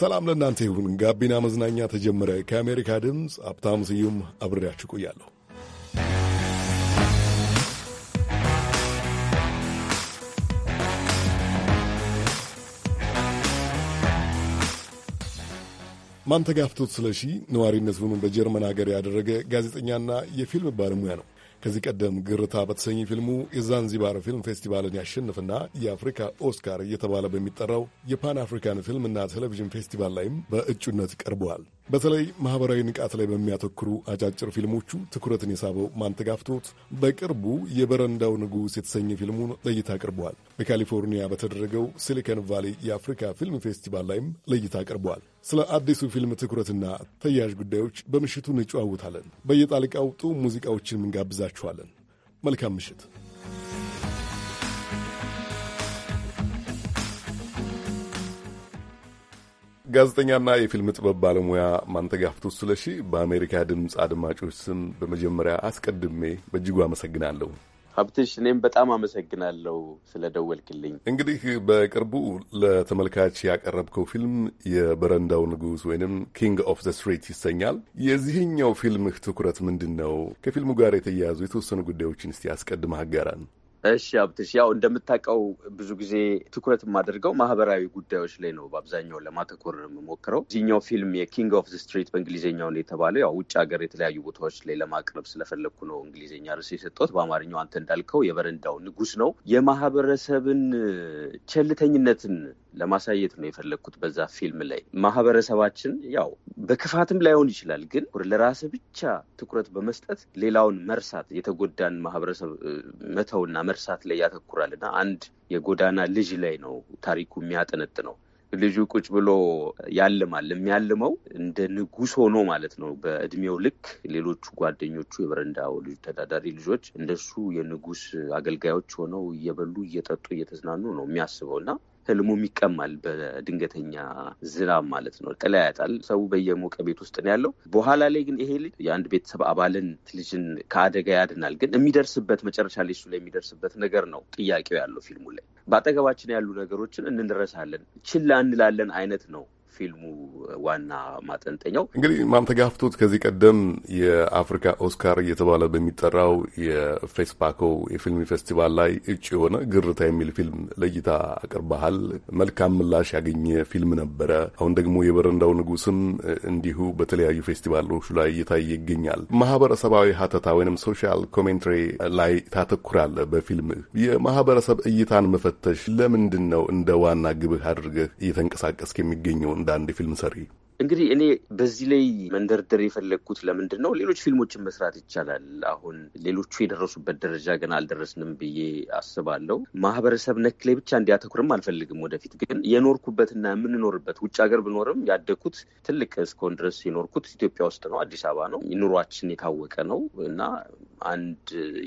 ሰላም ለእናንተ ይሁን። ጋቢና መዝናኛ ተጀመረ። ከአሜሪካ ድምፅ ሀብታም ስዩም አብሬያችሁ ቆያለሁ። ማንተጋፍቶት ስለሺ ነዋሪነቱን በጀርመን ሀገር ያደረገ ጋዜጠኛና የፊልም ባለሙያ ነው። ከዚህ ቀደም ግርታ በተሰኘ ፊልሙ የዛንዚባር ፊልም ፌስቲቫልን ያሸነፈና የአፍሪካ ኦስካር እየተባለ በሚጠራው የፓን አፍሪካን ፊልምና ቴሌቪዥን ፌስቲቫል ላይም በእጩነት ቀርበዋል። በተለይ ማህበራዊ ንቃት ላይ በሚያተኩሩ አጫጭር ፊልሞቹ ትኩረትን የሳበው ማንተጋፍቶት በቅርቡ የበረንዳው ንጉሥ የተሰኘ ፊልሙን ለእይታ አቅርበዋል። በካሊፎርኒያ በተደረገው ሲሊከን ቫሌ የአፍሪካ ፊልም ፌስቲቫል ላይም ለእይታ አቅርበዋል። ስለ አዲሱ ፊልም ትኩረትና ተያያዥ ጉዳዮች በምሽቱ እንጨዋወታለን። በየጣልቃውጡ ሙዚቃዎችን እንጋብዛችኋለን። መልካም ምሽት። ጋዜጠኛና የፊልም ጥበብ ባለሙያ ማንተጋፍቶ ስለሺ በአሜሪካ ድምፅ አድማጮች ስም በመጀመሪያ አስቀድሜ በእጅጉ አመሰግናለሁ። ሀብትሽ እኔም በጣም አመሰግናለሁ ስለደወልክልኝ። እንግዲህ በቅርቡ ለተመልካች ያቀረብከው ፊልም የበረንዳው ንጉስ ወይንም ኪንግ ኦፍ ዘ ስትሪት ይሰኛል። የዚህኛው ፊልምህ ትኩረት ምንድን ነው? ከፊልሙ ጋር የተያያዙ የተወሰኑ ጉዳዮችን እስቲ አስቀድመህ አጋራን። እሺ አብትሽ፣ ያው እንደምታውቀው ብዙ ጊዜ ትኩረት የማደርገው ማህበራዊ ጉዳዮች ላይ ነው በአብዛኛው ለማተኮር የምሞክረው። እዚህኛው ፊልም የኪንግ ኦፍ ዘ ስትሪት ነው የተባለው ያው ውጭ ሀገር የተለያዩ ቦታዎች ላይ ለማቅረብ ስለፈለግኩ ነው እንግሊዝኛ ርዕስ የሰጠሁት። በአማርኛው አንተ እንዳልከው የበረንዳው ንጉስ ነው። የማህበረሰብን ቸልተኝነትን ለማሳየት ነው የፈለግኩት በዛ ፊልም ላይ ማህበረሰባችን ያው በክፋትም ላይሆን ይችላል፣ ግን ለራስ ብቻ ትኩረት በመስጠት ሌላውን መርሳት የተጎዳን ማህበረሰብ መተውና መርሳት ላይ ያተኩራል እና አንድ የጎዳና ልጅ ላይ ነው ታሪኩ የሚያጠነጥነው። ልጁ ቁጭ ብሎ ያልማል። የሚያልመው እንደ ንጉስ ሆኖ ማለት ነው በእድሜው ልክ። ሌሎቹ ጓደኞቹ የበረንዳው ልጅ ተዳዳሪ ልጆች እንደሱ የንጉስ አገልጋዮች ሆነው እየበሉ እየጠጡ እየተዝናኑ ነው የሚያስበው እና ህልሙም ይቀማል በድንገተኛ ዝናብ ማለት ነው። ጥላ ያጣል። ሰው በየሞቀ ቤት ውስጥ ነው ያለው። በኋላ ላይ ግን ይሄ ልጅ የአንድ ቤተሰብ አባልን ልጅን ከአደጋ ያድናል። ግን የሚደርስበት መጨረሻ ላይ እሱ ላይ የሚደርስበት ነገር ነው ጥያቄው ያለው ፊልሙ ላይ። በአጠገባችን ያሉ ነገሮችን እንረሳለን፣ ችላ እንላለን አይነት ነው ፊልሙ ዋና ማጠንጠኛው እንግዲህ ማንተጋፍቶት ከዚህ ቀደም የአፍሪካ ኦስካር እየተባለ በሚጠራው የፌስፓኮ የፊልም ፌስቲቫል ላይ እጩ የሆነ ግርታ የሚል ፊልም ለእይታ አቅርበሃል። መልካም ምላሽ ያገኘ ፊልም ነበረ። አሁን ደግሞ የበረንዳው ንጉስም እንዲሁ በተለያዩ ፌስቲቫሎች ላይ እየታየ ይገኛል። ማህበረሰባዊ ሀተታ ወይም ሶሻል ኮሜንትሪ ላይ ታተኩራለ በፊልምህ። የማህበረሰብ እይታን መፈተሽ ለምንድን ነው እንደ ዋና ግብህ አድርገህ እየተንቀሳቀስክ የሚገኘውን አንድ ፊልም ሰሪ እንግዲህ እኔ በዚህ ላይ መንደርደር የፈለግኩት ለምንድን ነው ሌሎች ፊልሞችን መስራት ይቻላል። አሁን ሌሎቹ የደረሱበት ደረጃ ገና አልደረስንም ብዬ አስባለሁ። ማህበረሰብ ነክ ላይ ብቻ እንዲያተኩርም አልፈልግም። ወደፊት ግን የኖርኩበትና የምንኖርበት ውጭ ሀገር ብኖርም ያደግኩት ትልቅ እስከሆን ድረስ የኖርኩት ኢትዮጵያ ውስጥ ነው፣ አዲስ አበባ ነው። ኑሯችን የታወቀ ነው እና አንድ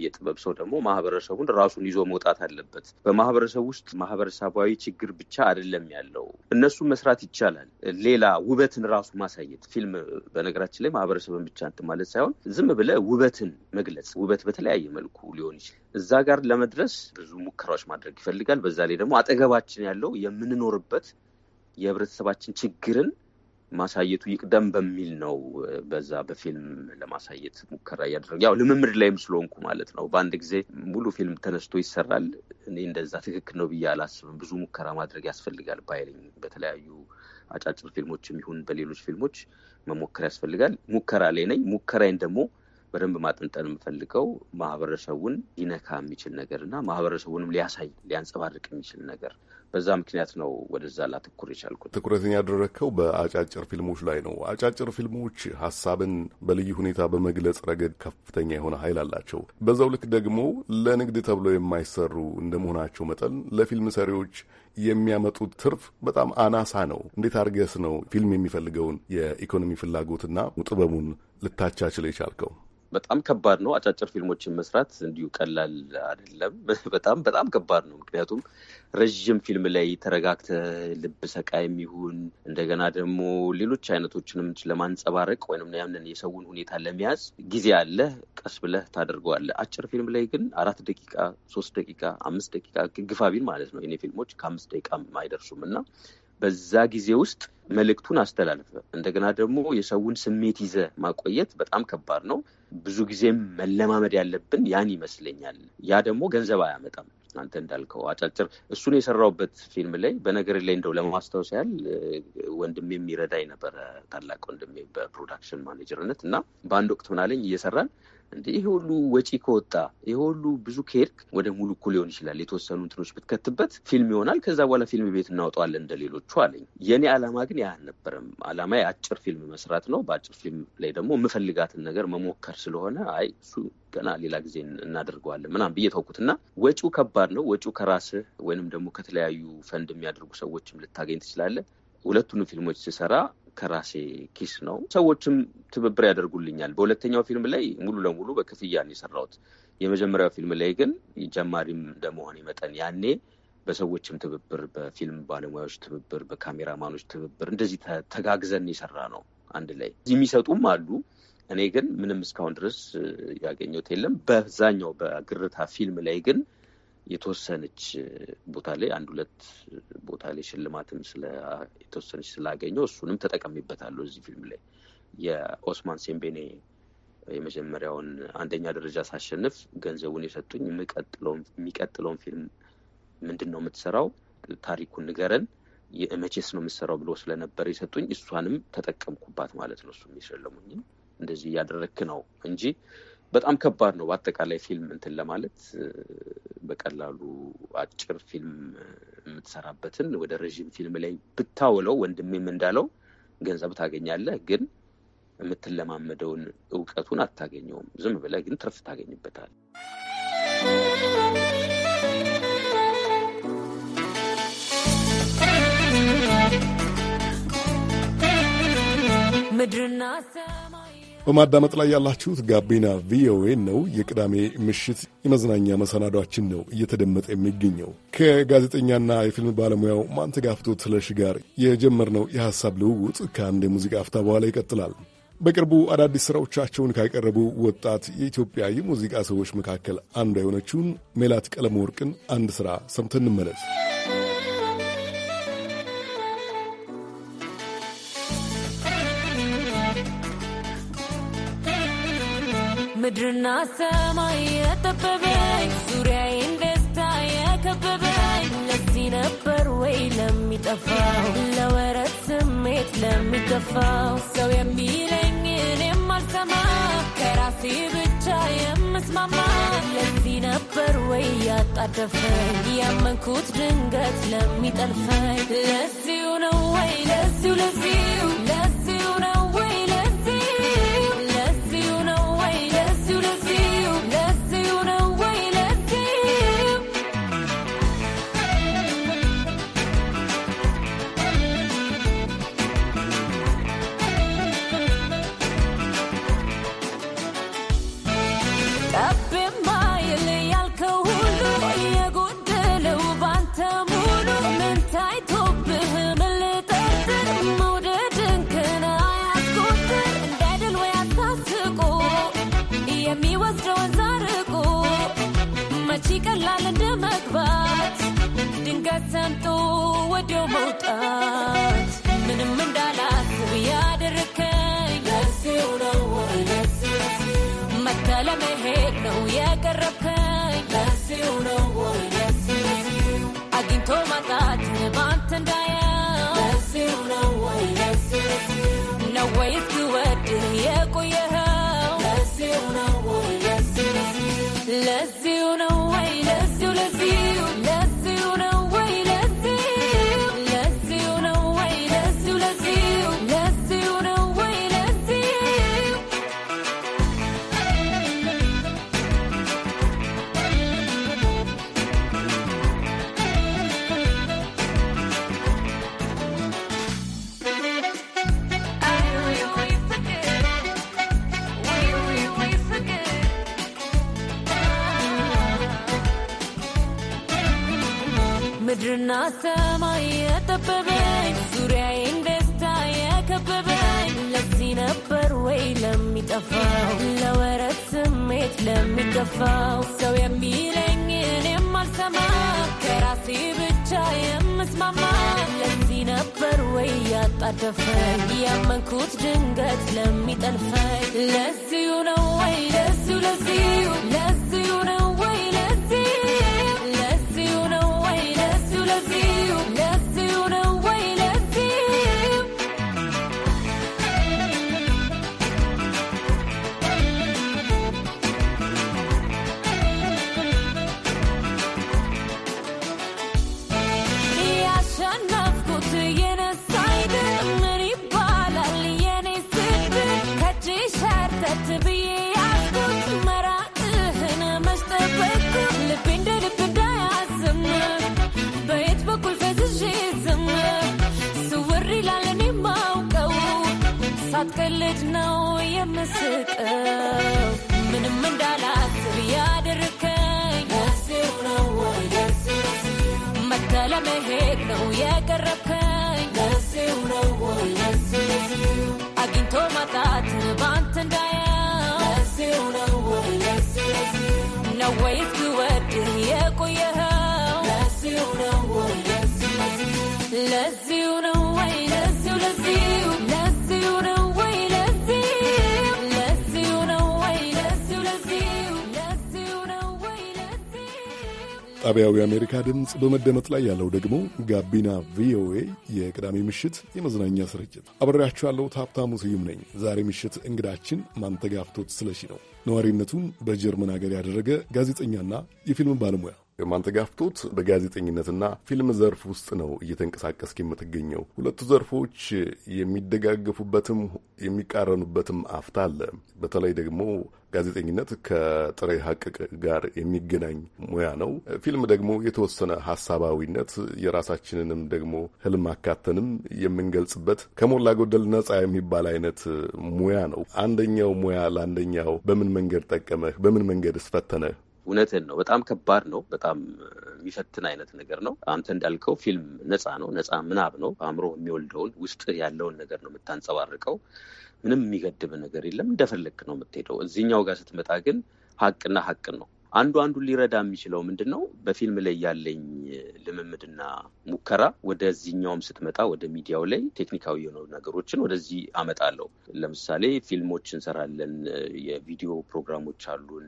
የጥበብ ሰው ደግሞ ማህበረሰቡን ራሱን ይዞ መውጣት አለበት። በማህበረሰብ ውስጥ ማህበረሰባዊ ችግር ብቻ አይደለም ያለው፣ እነሱ መስራት ይቻላል። ሌላ ውበት ውበትን ራሱ ማሳየት ፊልም በነገራችን ላይ ማህበረሰብን ብቻ እንትን ማለት ሳይሆን ዝም ብለ ውበትን መግለጽ ውበት በተለያየ መልኩ ሊሆን ይችላል። እዛ ጋር ለመድረስ ብዙ ሙከራዎች ማድረግ ይፈልጋል። በዛ ላይ ደግሞ አጠገባችን ያለው የምንኖርበት የህብረተሰባችን ችግርን ማሳየቱ ይቅደም በሚል ነው። በዛ በፊልም ለማሳየት ሙከራ እያደረገ ያው ልምምድ ላይም ስለሆንኩ ማለት ነው። በአንድ ጊዜ ሙሉ ፊልም ተነስቶ ይሰራል እኔ እንደዛ ትክክል ነው ብዬ አላስብም። ብዙ ሙከራ ማድረግ ያስፈልጋል ባይለኝ በተለያዩ አጫጭር ፊልሞችም ይሁን በሌሎች ፊልሞች መሞከር ያስፈልጋል። ሙከራ ላይ ነኝ። ሙከራይን ደግሞ በደንብ ማጠንጠን የምፈልገው ማህበረሰቡን ሊነካ የሚችል ነገር እና ማህበረሰቡንም ሊያሳይ ሊያንጸባርቅ የሚችል ነገር በዛ ምክንያት ነው ወደዛ ላትኩር የቻልኩት። ትኩረትን ያደረግከው በአጫጭር ፊልሞች ላይ ነው። አጫጭር ፊልሞች ሀሳብን በልዩ ሁኔታ በመግለጽ ረገድ ከፍተኛ የሆነ ኃይል አላቸው። በዛው ልክ ደግሞ ለንግድ ተብለው የማይሰሩ እንደመሆናቸው መጠን ለፊልም ሰሪዎች የሚያመጡት ትርፍ በጣም አናሳ ነው። እንዴት አድርገስ ነው ፊልም የሚፈልገውን የኢኮኖሚ ፍላጎትና ጥበቡን ልታቻችል የቻልከው? በጣም ከባድ ነው። አጫጭር ፊልሞችን መስራት እንዲሁ ቀላል አይደለም። በጣም በጣም ከባድ ነው። ምክንያቱም ረዥም ፊልም ላይ ተረጋግተ ልብ ሰቃ ይሁን እንደገና ደግሞ ሌሎች አይነቶችንም ለማንጸባረቅ ወይም ያንን የሰውን ሁኔታ ለመያዝ ጊዜ አለ። ቀስ ብለህ ታደርገዋለህ። አጭር ፊልም ላይ ግን አራት ደቂቃ፣ ሶስት ደቂቃ፣ አምስት ደቂቃ ግግፋቢን ማለት ነው። የኔ ፊልሞች ከአምስት ደቂቃ አይደርሱም እና በዛ ጊዜ ውስጥ መልእክቱን አስተላልፈ እንደገና ደግሞ የሰውን ስሜት ይዘ ማቆየት በጣም ከባድ ነው። ብዙ ጊዜም መለማመድ ያለብን ያን ይመስለኛል። ያ ደግሞ ገንዘብ አያመጣም። አንተ እንዳልከው አጫጭር እሱን የሰራውበት ፊልም ላይ በነገር ላይ እንደው ለማስታወስ ያህል ወንድሜ የሚረዳኝ ነበረ ታላቅ ወንድሜ በፕሮዳክሽን ማኔጀርነት እና በአንድ ወቅት ምናለኝ እየሰራን እንደ ይሄ ሁሉ ወጪ ከወጣ ይሄ ሁሉ ብዙ ከሄድክ ወደ ሙሉ እኮ ሊሆን ይችላል። የተወሰኑ እንትኖች ብትከትበት ፊልም ይሆናል። ከዛ በኋላ ፊልም ቤት እናውጠዋለን እንደሌሎቹ አለኝ። የኔ ዓላማ ግን ያ አልነበረም። ዓላማ የአጭር ፊልም መስራት ነው። በአጭር ፊልም ላይ ደግሞ የምፈልጋትን ነገር መሞከር ስለሆነ አይ እሱ ገና ሌላ ጊዜ እናደርገዋለን ምናምን ብዬ ተውኩት እና ወጪው ከባድ ነው። ወጪው ከራስህ ወይንም ደግሞ ከተለያዩ ፈንድ የሚያደርጉ ሰዎችም ልታገኝ ትችላለህ። ሁለቱንም ፊልሞች ስሰራ ከራሴ ኪስ ነው። ሰዎችም ትብብር ያደርጉልኛል። በሁለተኛው ፊልም ላይ ሙሉ ለሙሉ በክፍያ ነው የሰራሁት። የመጀመሪያው ፊልም ላይ ግን ጀማሪም እንደመሆኔ መጠን ያኔ በሰዎችም ትብብር፣ በፊልም ባለሙያዎች ትብብር፣ በካሜራማኖች ትብብር እንደዚህ ተጋግዘን የሰራ ነው አንድ ላይ የሚሰጡም አሉ። እኔ ግን ምንም እስካሁን ድረስ ያገኘሁት የለም። በዛኛው በግርታ ፊልም ላይ ግን የተወሰነች ቦታ ላይ አንድ ሁለት ቦታ ላይ ሽልማትም የተወሰነች ስላገኘው እሱንም ተጠቀሚበታለሁ እዚህ ፊልም ላይ የኦስማን ሴምቤኔ የመጀመሪያውን አንደኛ ደረጃ ሳሸንፍ ገንዘቡን የሰጡኝ የሚቀጥለውን ፊልም ምንድን ነው የምትሰራው ታሪኩን ንገረን የመቼስ ነው የምትሰራው ብሎ ስለነበር የሰጡኝ እሷንም ተጠቀምኩባት ማለት ነው እሱ የሸለሙኝም እንደዚህ እያደረክ ነው እንጂ በጣም ከባድ ነው። በአጠቃላይ ፊልም እንትን ለማለት በቀላሉ አጭር ፊልም የምትሰራበትን ወደ ረዥም ፊልም ላይ ብታውለው ወንድሜም እንዳለው ገንዘብ ታገኛለህ፣ ግን የምትለማመደውን እውቀቱን አታገኘውም። ዝም ብለህ ግን ትርፍ ታገኝበታል። ምድርና በማዳመጥ ላይ ያላችሁት ጋቢና ቪኦኤ ነው። የቅዳሜ ምሽት የመዝናኛ መሰናዷችን ነው እየተደመጠ የሚገኘው። ከጋዜጠኛና የፊልም ባለሙያው ማንተጋፍቶ ትለሽ ጋር የጀመርነው የሐሳብ ልውውጥ ከአንድ የሙዚቃ አፍታ በኋላ ይቀጥላል። በቅርቡ አዳዲስ ሥራዎቻቸውን ካቀረቡ ወጣት የኢትዮጵያ የሙዚቃ ሰዎች መካከል አንዷ የሆነችውን ሜላት ቀለመወርቅን አንድ ሥራ ሰምተን እንመለስ። ምድርና ሰማይ የጠበበኝ ዙሪያዬን ደስታ የከበበኝ ለዚህ ነበር ወይ ለሚጠፋው ለወረት ስሜት ለሚገፋው ሰው የሚለኝን የማልሰማ ከራሴ ብቻ የምስማማ ለዚህ ነበር ወይ ያጣደፈኝ ያመንኩት ድንገት ለሚጠልፈኝ ለዚሁ ነው ወይ ለዚሁ ለዚሁ Brasil. ሲገፈኝ ያመንኩት ድንገት ለሚጠልፈኝ ለዚሁ ነው ወይ ለዚሁ ለዚሁ ነው የቀረብከ ጣቢያው የአሜሪካ ድምፅ በመደመጥ ላይ ያለው ደግሞ ጋቢና ቪኦኤ የቅዳሜ ምሽት የመዝናኛ ስርጭት አብሬያችሁ ያለው ሀብታሙ ስዩም ነኝ። ዛሬ ምሽት እንግዳችን ማንተጋፍቶት ስለሺ ነው። ነዋሪነቱን በጀርመን ሀገር ያደረገ ጋዜጠኛና የፊልም ባለሙያ ጋፍቶት በጋዜጠኝነትና ፊልም ዘርፍ ውስጥ ነው እየተንቀሳቀስክ የምትገኘው። ሁለቱ ዘርፎች የሚደጋገፉበትም የሚቃረኑበትም አፍታ አለ። በተለይ ደግሞ ጋዜጠኝነት ከጥሬ ሀቅ ጋር የሚገናኝ ሙያ ነው። ፊልም ደግሞ የተወሰነ ሀሳባዊነት የራሳችንንም ደግሞ ህልም አካተንም የምንገልጽበት ከሞላ ጎደል ነጻ የሚባል አይነት ሙያ ነው። አንደኛው ሙያ ለአንደኛው በምን መንገድ ጠቀመህ? በምን መንገድ እስፈተነህ? እውነትን ነው። በጣም ከባድ ነው። በጣም የሚፈትን አይነት ነገር ነው። አንተ እንዳልከው ፊልም ነፃ ነው። ነፃ ምናብ ነው። አእምሮ የሚወልደውን ውስጥ ያለውን ነገር ነው የምታንጸባርቀው። ምንም የሚገድብ ነገር የለም። እንደፈለክ ነው የምትሄደው። እዚህኛው ጋር ስትመጣ ግን ሀቅና ሀቅ ነው። አንዱ አንዱ ሊረዳ የሚችለው ምንድን ነው? በፊልም ላይ ያለኝ ልምምድና ሙከራ ወደዚህኛውም ስትመጣ ወደ ሚዲያው ላይ ቴክኒካዊ የሆኑ ነገሮችን ወደዚህ አመጣለሁ። ለምሳሌ ፊልሞች እንሰራለን፣ የቪዲዮ ፕሮግራሞች አሉን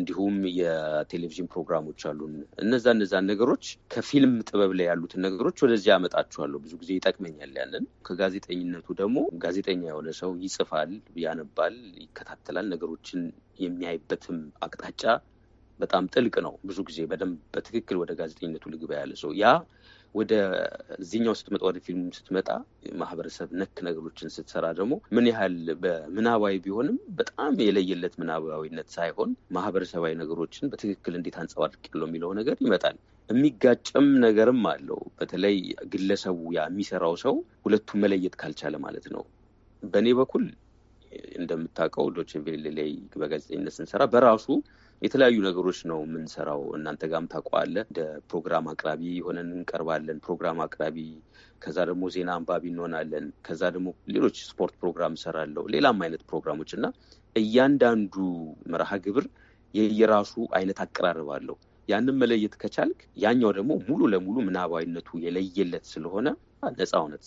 እንዲሁም የቴሌቪዥን ፕሮግራሞች አሉን። እነዛ እነዛን ነገሮች ከፊልም ጥበብ ላይ ያሉትን ነገሮች ወደዚህ ያመጣችኋለሁ። ብዙ ጊዜ ይጠቅመኛል። ያንን ከጋዜጠኝነቱ ደግሞ ጋዜጠኛ የሆነ ሰው ይጽፋል፣ ያነባል፣ ይከታተላል፣ ነገሮችን የሚያይበትም አቅጣጫ በጣም ጥልቅ ነው። ብዙ ጊዜ በደንብ በትክክል ወደ ጋዜጠኝነቱ ልግባ ያለ ሰው ያ ወደ እዚኛው ስትመጣ ወደ ፊልሙ ስትመጣ ማህበረሰብ ነክ ነገሮችን ስትሰራ ደግሞ ምን ያህል በምናባዊ ቢሆንም በጣም የለየለት ምናባዊነት ሳይሆን ማህበረሰባዊ ነገሮችን በትክክል እንዴት አንጸባርቅ ያለው የሚለው ነገር ይመጣል። የሚጋጨም ነገርም አለው። በተለይ ግለሰቡ ያ የሚሰራው ሰው ሁለቱ መለየት ካልቻለ ማለት ነው። በእኔ በኩል እንደምታውቀው ዶቼ ቬለ ላይ በጋዜጠኝነት ስንሰራ በራሱ የተለያዩ ነገሮች ነው የምንሰራው። እናንተ ጋም ታቋለ እንደ ፕሮግራም አቅራቢ የሆነን እንቀርባለን። ፕሮግራም አቅራቢ፣ ከዛ ደግሞ ዜና አንባቢ እንሆናለን። ከዛ ደግሞ ሌሎች ስፖርት ፕሮግራም እሰራለሁ፣ ሌላም አይነት ፕሮግራሞች እና እያንዳንዱ መርሃ ግብር የየራሱ አይነት አቀራረብ አለው። ያንን መለየት ከቻልክ ያኛው ደግሞ ሙሉ ለሙሉ ምናባዊነቱ የለየለት ስለሆነ ነፃ ሆነ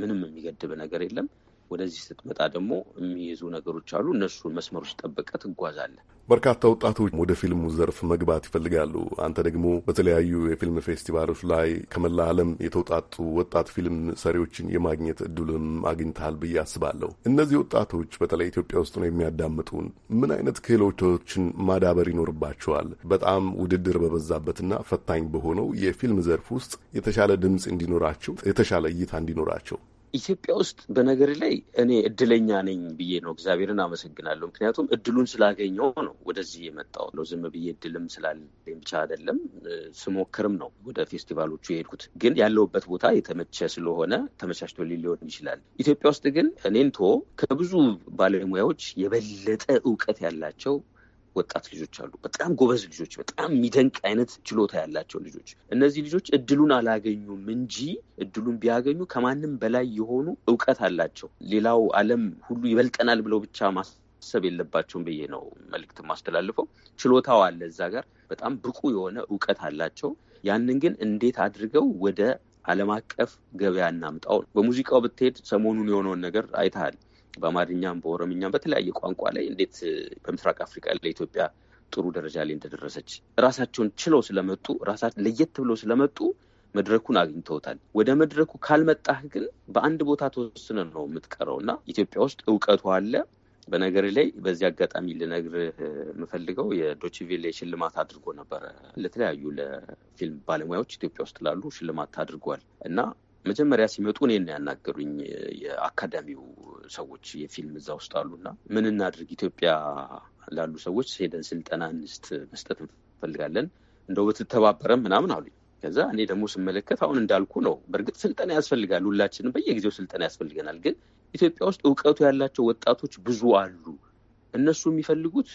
ምንም የሚገድብ ነገር የለም። ወደዚህ ስትመጣ ደግሞ የሚይዙ ነገሮች አሉ። እነሱን መስመሮች ጠብቀ ትጓዛለ። በርካታ ወጣቶች ወደ ፊልሙ ዘርፍ መግባት ይፈልጋሉ። አንተ ደግሞ በተለያዩ የፊልም ፌስቲቫሎች ላይ ከመላ ዓለም የተውጣጡ ወጣት ፊልም ሰሪዎችን የማግኘት እድሉም አግኝተሃል ብዬ አስባለሁ። እነዚህ ወጣቶች በተለይ ኢትዮጵያ ውስጥ ነው የሚያዳምጡን። ምን አይነት ክህሎቶችን ማዳበር ይኖርባቸዋል? በጣም ውድድር በበዛበትና ፈታኝ በሆነው የፊልም ዘርፍ ውስጥ የተሻለ ድምፅ እንዲኖራቸው፣ የተሻለ እይታ እንዲኖራቸው ኢትዮጵያ ውስጥ በነገር ላይ እኔ እድለኛ ነኝ ብዬ ነው እግዚአብሔርን አመሰግናለሁ። ምክንያቱም እድሉን ስላገኘው ነው ወደዚህ የመጣው ነው። ዝም ብዬ እድልም ስላለኝ ብቻ አይደለም፣ ስሞክርም ነው ወደ ፌስቲቫሎቹ የሄድኩት። ግን ያለውበት ቦታ የተመቸ ስለሆነ ተመቻችቶ ሊሆን ይችላል። ኢትዮጵያ ውስጥ ግን እኔን ቶ ከብዙ ባለሙያዎች የበለጠ እውቀት ያላቸው ወጣት ልጆች አሉ። በጣም ጎበዝ ልጆች፣ በጣም የሚደንቅ አይነት ችሎታ ያላቸው ልጆች። እነዚህ ልጆች እድሉን አላገኙም እንጂ እድሉን ቢያገኙ ከማንም በላይ የሆኑ እውቀት አላቸው። ሌላው ዓለም ሁሉ ይበልጠናል ብለው ብቻ ማሰብ የለባቸውም ብዬ ነው መልዕክት ማስተላልፈው። ችሎታው አለ እዛ ጋር በጣም ብቁ የሆነ እውቀት አላቸው። ያንን ግን እንዴት አድርገው ወደ ዓለም አቀፍ ገበያ እናምጣው ነው። በሙዚቃው ብትሄድ ሰሞኑን የሆነውን ነገር አይተሃል። በአማርኛም በኦሮምኛም በተለያየ ቋንቋ ላይ እንዴት በምስራቅ አፍሪካ ለኢትዮጵያ ጥሩ ደረጃ ላይ እንደደረሰች ራሳቸውን ችለው ስለመጡ ራሳቸውን ለየት ብለው ስለመጡ መድረኩን አግኝተውታል። ወደ መድረኩ ካልመጣህ ግን በአንድ ቦታ ተወስነ ነው የምትቀረው እና ኢትዮጵያ ውስጥ እውቀቱ አለ። በነገር ላይ በዚህ አጋጣሚ ልነግርህ የምፈልገው የዶችቬሌ ሽልማት አድርጎ ነበረ። ለተለያዩ ለፊልም ባለሙያዎች ኢትዮጵያ ውስጥ ላሉ ሽልማት አድርጓል እና መጀመሪያ ሲመጡ እኔን ያናገሩኝ የአካዳሚው ሰዎች የፊልም እዛ ውስጥ አሉና ምን እናድርግ ኢትዮጵያ ላሉ ሰዎች ሄደን ስልጠና እንስት መስጠት እንፈልጋለን እንደው ብትተባበረም ምናምን አሉኝ። ከዛ እኔ ደግሞ ስመለከት አሁን እንዳልኩ ነው። በእርግጥ ስልጠና ያስፈልጋል፣ ሁላችንም በየጊዜው ስልጠና ያስፈልገናል። ግን ኢትዮጵያ ውስጥ እውቀቱ ያላቸው ወጣቶች ብዙ አሉ። እነሱ የሚፈልጉት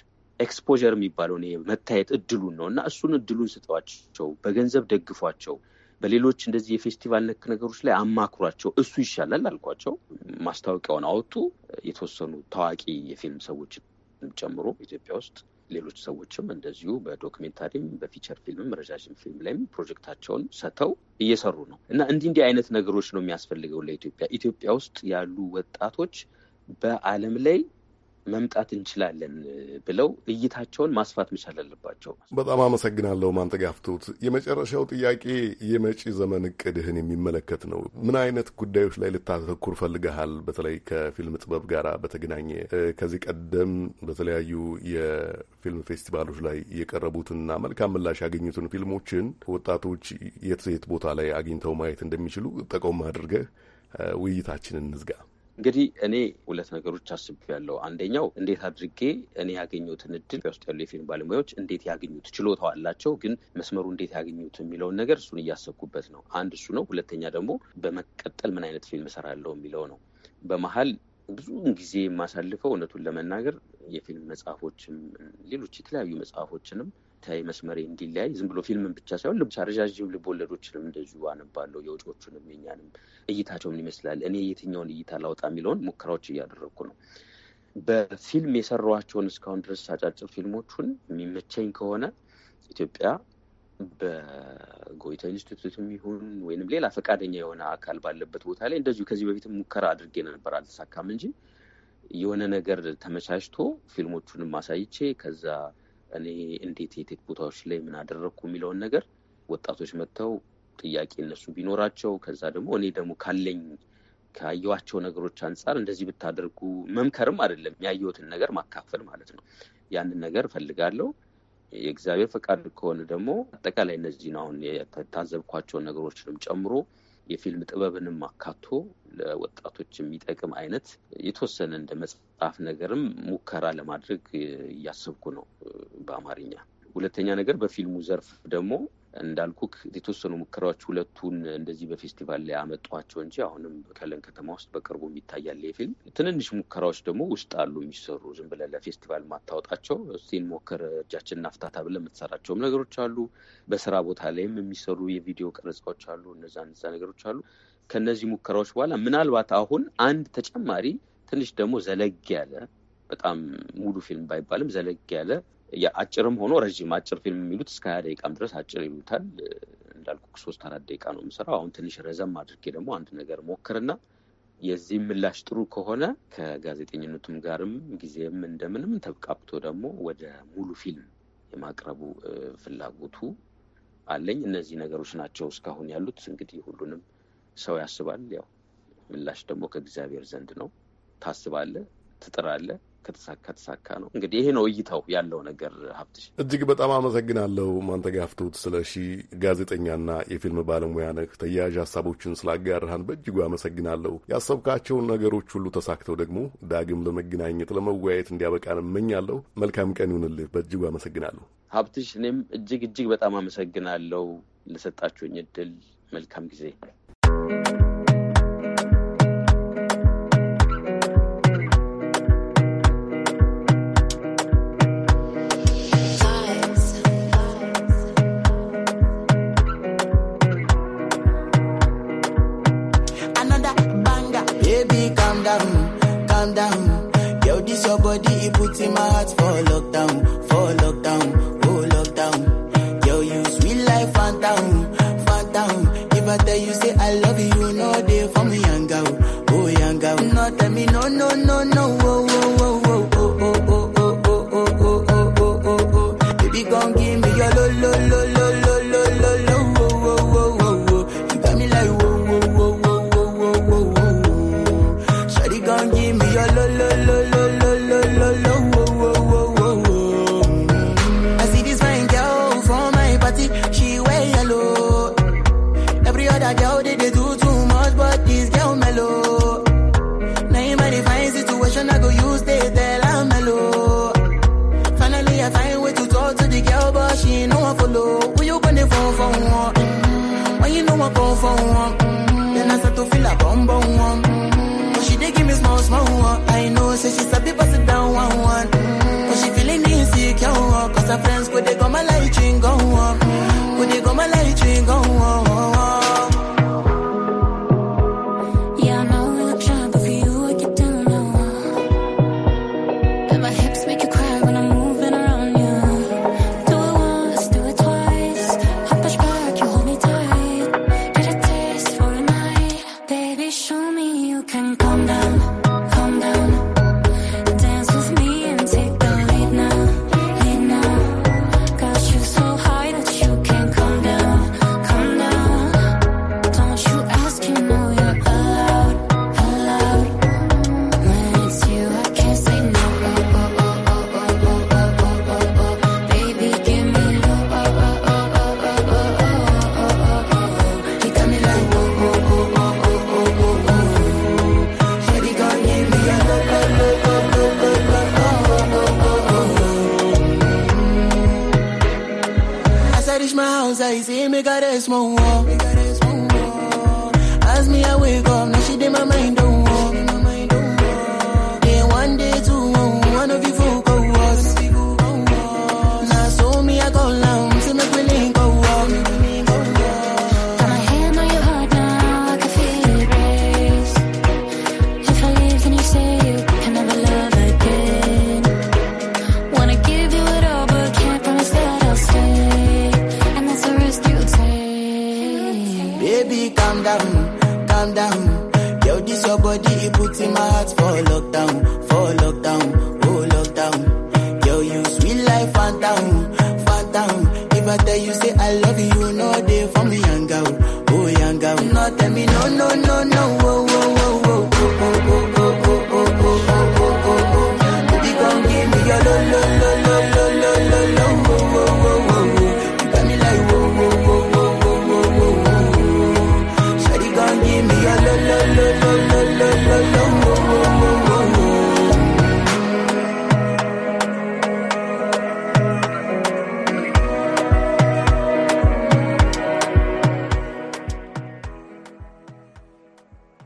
ኤክስፖዠር የሚባለው መታየት እድሉን ነው እና እሱን እድሉን ስጠዋቸው፣ በገንዘብ ደግፏቸው። በሌሎች እንደዚህ የፌስቲቫል ነክ ነገሮች ላይ አማክሯቸው እሱ ይሻላል አልኳቸው። ማስታወቂያውን አወጡ። የተወሰኑ ታዋቂ የፊልም ሰዎች ጨምሮ ኢትዮጵያ ውስጥ ሌሎች ሰዎችም እንደዚሁ በዶክሜንታሪም በፊቸር ፊልምም ረዣዥም ፊልም ላይም ፕሮጀክታቸውን ሰተው እየሰሩ ነው እና እንዲህ እንዲህ አይነት ነገሮች ነው የሚያስፈልገው ለኢትዮጵያ። ኢትዮጵያ ውስጥ ያሉ ወጣቶች በዓለም ላይ መምጣት እንችላለን ብለው እይታቸውን ማስፋት መቻል አለባቸው። በጣም አመሰግናለሁ። ማንጠጋፍቶት የመጨረሻው ጥያቄ የመጪ ዘመን እቅድህን የሚመለከት ነው። ምን አይነት ጉዳዮች ላይ ልታተኩር ፈልገሃል? በተለይ ከፊልም ጥበብ ጋር በተገናኘ ከዚህ ቀደም በተለያዩ የፊልም ፌስቲቫሎች ላይ የቀረቡትንና መልካም ምላሽ ያገኙትን ፊልሞችን ወጣቶች የት የት ቦታ ላይ አግኝተው ማየት እንደሚችሉ ጠቆም አድርገህ ውይይታችንን እንዝጋ። እንግዲህ እኔ ሁለት ነገሮች አስቤያለሁ። አንደኛው እንዴት አድርጌ እኔ ያገኘሁትን እድል ውስጥ ያሉ የፊልም ባለሙያዎች እንዴት ያገኙት ችሎታው አላቸው፣ ግን መስመሩ እንዴት ያገኙት የሚለውን ነገር እሱን እያሰብኩበት ነው። አንድ እሱ ነው። ሁለተኛ ደግሞ በመቀጠል ምን አይነት ፊልም እሰራለሁ የሚለው ነው። በመሀል ብዙውን ጊዜ የማሳልፈው እውነቱን ለመናገር የፊልም መጽሐፎችም ሌሎች የተለያዩ መጽሐፎችንም የትንታኔ መስመሬ እንዲለያይ ዝም ብሎ ፊልምን ብቻ ሳይሆን ልብሳ ረዣዥም ልብ ወለዶችንም እንደዚሁ አነባለሁ። የውጮቹንም የኛንም እይታቸው ምን ይመስላል፣ እኔ የትኛውን እይታ ላውጣ የሚለውን ሙከራዎች እያደረግኩ ነው። በፊልም የሰሯቸውን እስካሁን ድረስ አጫጭር ፊልሞቹን የሚመቸኝ ከሆነ ኢትዮጵያ በጎይታ ኢንስቲትዩትም ይሁን ወይንም ሌላ ፈቃደኛ የሆነ አካል ባለበት ቦታ ላይ እንደዚሁ ከዚህ በፊትም ሙከራ አድርጌ ነበር፣ አልተሳካም እንጂ የሆነ ነገር ተመቻችቶ ፊልሞቹንም አሳይቼ ከዛ እኔ እንዴት የቴክ ቦታዎች ላይ ምን አደረግኩ የሚለውን ነገር ወጣቶች መጥተው ጥያቄ እነሱ ቢኖራቸው ከዛ ደግሞ እኔ ደግሞ ካለኝ ካየዋቸው ነገሮች አንጻር እንደዚህ ብታደርጉ መምከርም አይደለም ያየሁትን ነገር ማካፈል ማለት ነው። ያንን ነገር እፈልጋለሁ። የእግዚአብሔር ፈቃድ ከሆነ ደግሞ አጠቃላይ እነዚህን አሁን የታዘብኳቸውን ነገሮችንም ጨምሮ የፊልም ጥበብንም አካቶ ለወጣቶች የሚጠቅም አይነት የተወሰነ እንደ መጽሐፍ ነገርም ሙከራ ለማድረግ እያሰብኩ ነው በአማርኛ። ሁለተኛ ነገር በፊልሙ ዘርፍ ደግሞ እንዳልኩክ የተወሰኑ ሙከራዎች ሁለቱን እንደዚህ በፌስቲቫል ላይ ያመጧቸው እንጂ አሁንም ከለን ከተማ ውስጥ በቅርቡ የሚታያል ፊልም። ትንንሽ ሙከራዎች ደግሞ ውስጥ አሉ የሚሰሩ ዝም ብለ ለፌስቲቫል ማታወጣቸው እስቲን ሞከር እጃችን እናፍታታ ብለ የምትሰራቸውም ነገሮች አሉ። በስራ ቦታ ላይም የሚሰሩ የቪዲዮ ቀረጻዎች አሉ። እነዛ እነዛ ነገሮች አሉ። ከነዚህ ሙከራዎች በኋላ ምናልባት አሁን አንድ ተጨማሪ ትንሽ ደግሞ ዘለግ ያለ በጣም ሙሉ ፊልም ባይባልም ዘለግ ያለ አጭርም ሆኖ ረዥም አጭር ፊልም የሚሉት እስከ ሀያ ደቂቃም ድረስ አጭር ይሉታል። እንዳልኩ ሶስት አራት ደቂቃ ነው የምሰራው። አሁን ትንሽ ረዘም አድርጌ ደግሞ አንድ ነገር ሞክርና የዚህም ምላሽ ጥሩ ከሆነ ከጋዜጠኝነቱም ጋርም ጊዜም እንደምንም ተብቃብቶ ደግሞ ወደ ሙሉ ፊልም የማቅረቡ ፍላጎቱ አለኝ። እነዚህ ነገሮች ናቸው እስካሁን ያሉት። እንግዲህ ሁሉንም ሰው ያስባል። ያው ምላሽ ደግሞ ከእግዚአብሔር ዘንድ ነው። ታስባለ፣ ትጥራለህ ከተሳካ ተሳካ ነው። እንግዲህ ይሄ ነው እይታው ያለው ነገር። ሀብትሽ እጅግ በጣም አመሰግናለሁ። ማንተጋፍቶት ስለ ሺ ጋዜጠኛና የፊልም ባለሙያ ነህ። ተያያዥ ሀሳቦችን ስላጋርሃን በእጅጉ አመሰግናለሁ። ያሰብካቸውን ነገሮች ሁሉ ተሳክተው ደግሞ ዳግም ለመገናኘት ለመወያየት እንዲያበቃን እመኛለሁ። መልካም ቀን ይሁንልህ። በእጅጉ አመሰግናለሁ ሀብትሽ። እኔም እጅግ እጅግ በጣም አመሰግናለሁ ለሰጣችሁኝ እድል። መልካም ጊዜ Cause friends, could they come, my light, chingo? Could they come, my light, chingo?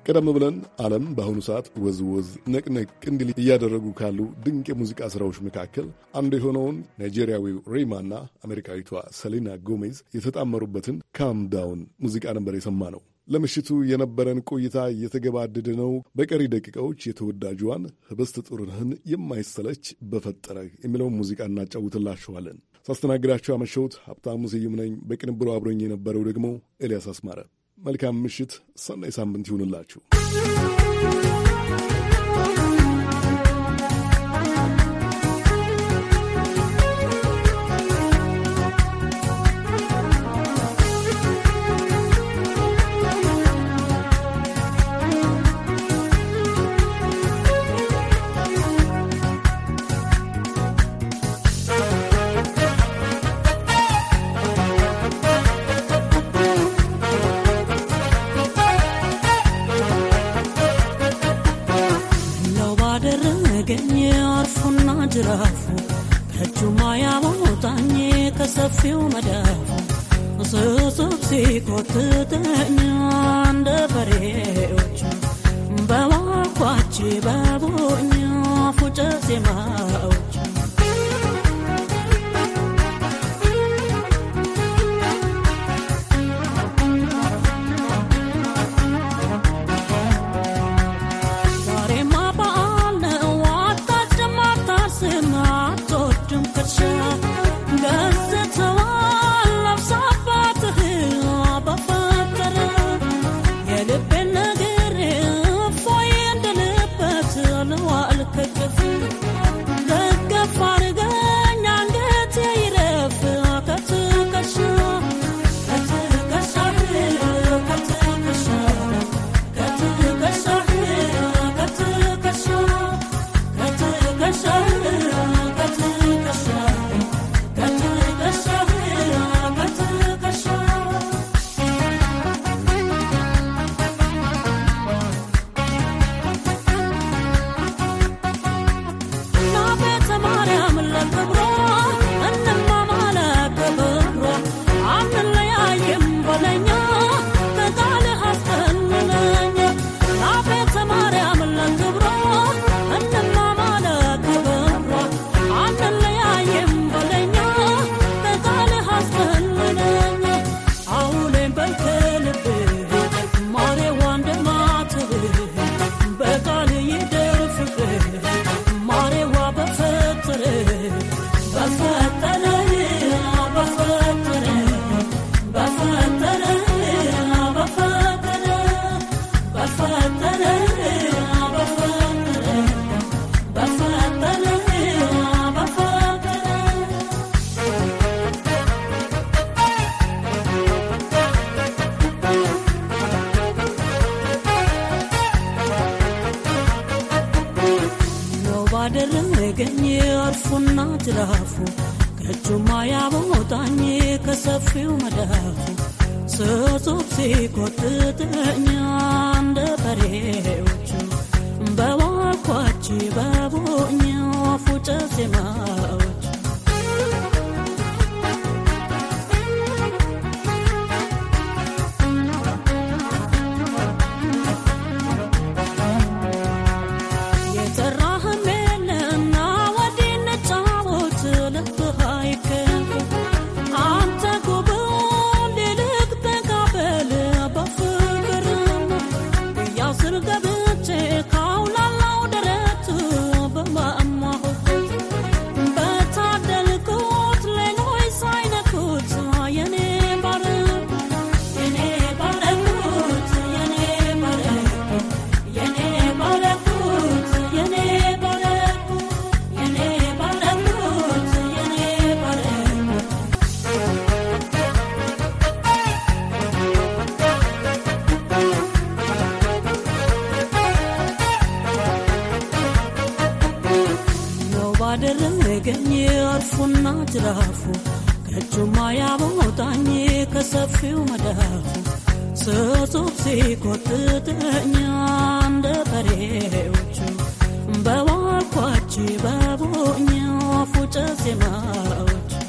ቀደም ብለን ዓለም በአሁኑ ሰዓት ወዝወዝ ነቅነቅ እንዲል እያደረጉ ካሉ ድንቅ የሙዚቃ ሥራዎች መካከል አንዱ የሆነውን ናይጄሪያዊው ሬማና አሜሪካዊቷ ሰሊና ጎሜዝ የተጣመሩበትን ካም ዳውን ሙዚቃ ነበር የሰማ ነው። ለምሽቱ የነበረን ቆይታ እየተገባደደ ነው። በቀሪ ደቂቃዎች የተወዳጇን ህብስት ጥሩነህን የማይሰለች በፈጠረ የሚለውን ሙዚቃ እናጫውትላችኋለን። ሳስተናግዳችሁ ያመሸሁት ሀብታሙ ስዩም ነኝ። በቅንብሩ አብሮኝ የነበረው ደግሞ ኤልያስ አስማረ መልካም ምሽት፣ ሰናይ ሳምንት ይሁንላችሁ። 我的得。الكتف ጅራቱና ጅራፉ ከእጁማ ያቦታኝ ከሰፊው መዳፉ ስጹፍ ሲቆጥጠኝ እንደ በሬዎቹ በዋልኳች በቦኛ ፉጨ ዜማዎቹ